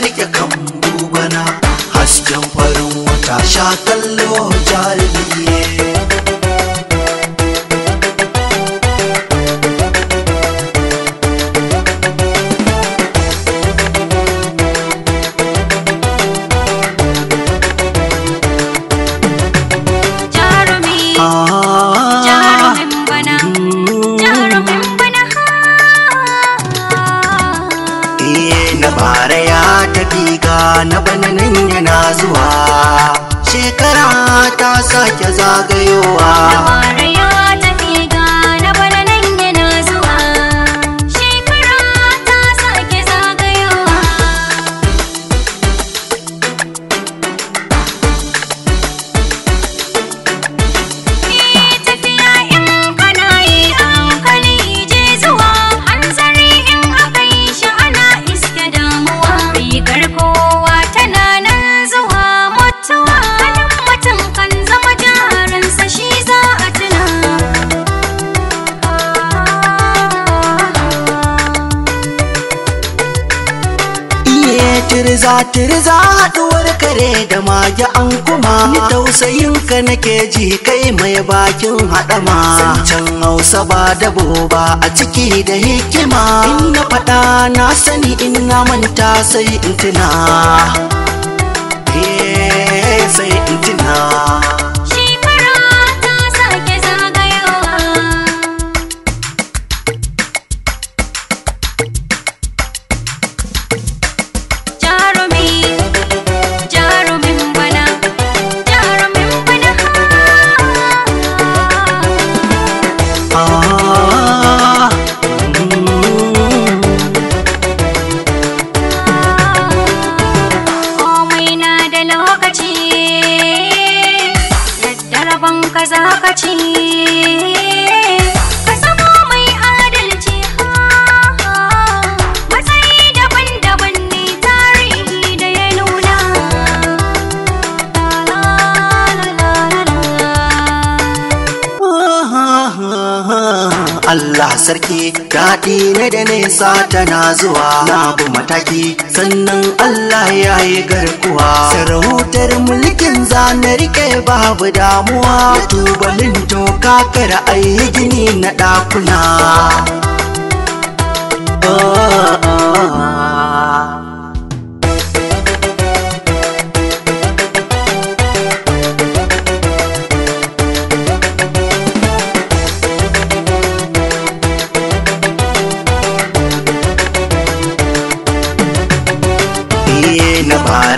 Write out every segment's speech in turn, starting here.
riƙe kan dubana hasken farin wata sha zagayowa Za ta riza haɗuwar kare da mage an kuma ni tausayin ka nake ji kai mai bakin haɗama can hausa ba dabo ba a ciki da hikima in na faɗa na sani in na manta sai in tuna eh, sai in tuna Allah sarki daɗi ne da nesa tana zuwa na bu mataki sannan Allah ya yi garkuwa sarautar mulkin zane rike babu damuwa da tubalin toka kar ayi gini na ɗakuna oh, oh, oh.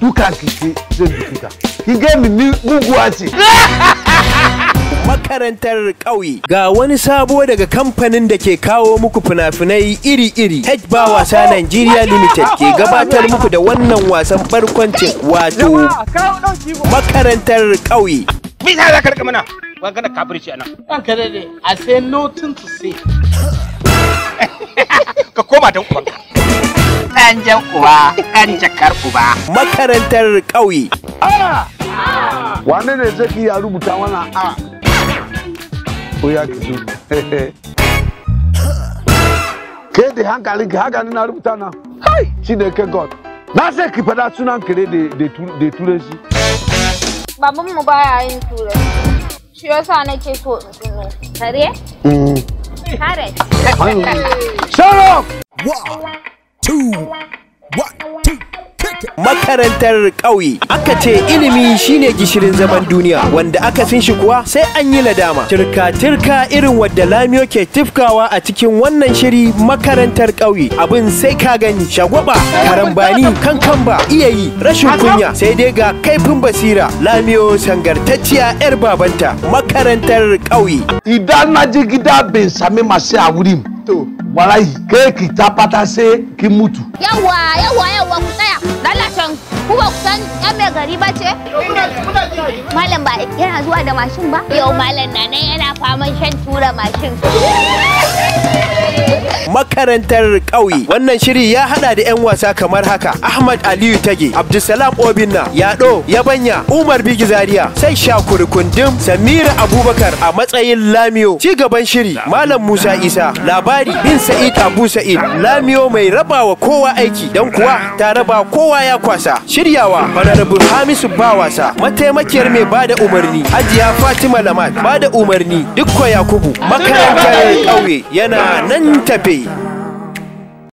dukan kike zan duki ka ki ga mi muguwa ce makarantar ƙauye ga wani sabo daga kamfanin da ke kawo muku fina-finai iri-iri ba wasa Nigeria Limited ke gabatar muku da wannan wasan barkwancin wato makarantar ƙauye bisa za ka rika mana wangana kafirci anan ranka dade i say nothing to say ka koma don ubanka kanjan uwa kan jakar uba. Makarantar ƙauye. Wane ne zai iya rubuta wannan a? Ko ya kisu. Ke da hankali ka haka na rubuta na. Hai, shi ne ke God. Na sai ki fada sunan kare da turanci. Babanmu baya yin turanci. Shi yasa nake so in tuno. Kare? Mm. Kare. Shut up! Wow. makarantar ƙauye. Aka ce ilimi shine gishirin zaman duniya wanda aka fin shi kuwa sai an yi ladama. Tirka-tirka irin wadda Lamiyo ke tifkawa a cikin wannan shiri makarantar ƙauye. Abin sai ka gani shagwaba, karambani, kankamba, iyayi, rashin kunya, sai dai ga kaifin basira. Lamiyo sangartacciya 'yar babanta makarantar ƙauye. Idan na ji gida bin sami masu a wurin. wallahi keki ta fata se ki mutu yawa yawa yawa ku tsaya lalacin ku ba ku san yan mai gari ba ce malam ba yana zuwa da mashin ba yau malam na nan yana faman shan tura mashin makarantar ƙauye. Wannan shiri ya haɗa da 'yan wasa kamar haka Ahmad Aliyu Tage, Abdulsalam Obinna, Yaɗo, Yabanya, Umar Bigi Zaria, sai Shakuri Kundum, Samira Abubakar a matsayin Lamiyo. Ci gaban shiri Malam Musa Isa, labari bin Sa'id Abu Sa'id, Lamiyo mai rabawa kowa aiki don kuwa ta raba kowa ya kwasa. Shiryawa Honorable Hamisu wasa. mataimakiyar mai bada umarni Hajiya Fatima Lamad, bada umarni Dukko Yakubu, makarantar ƙauye yana nan tafe.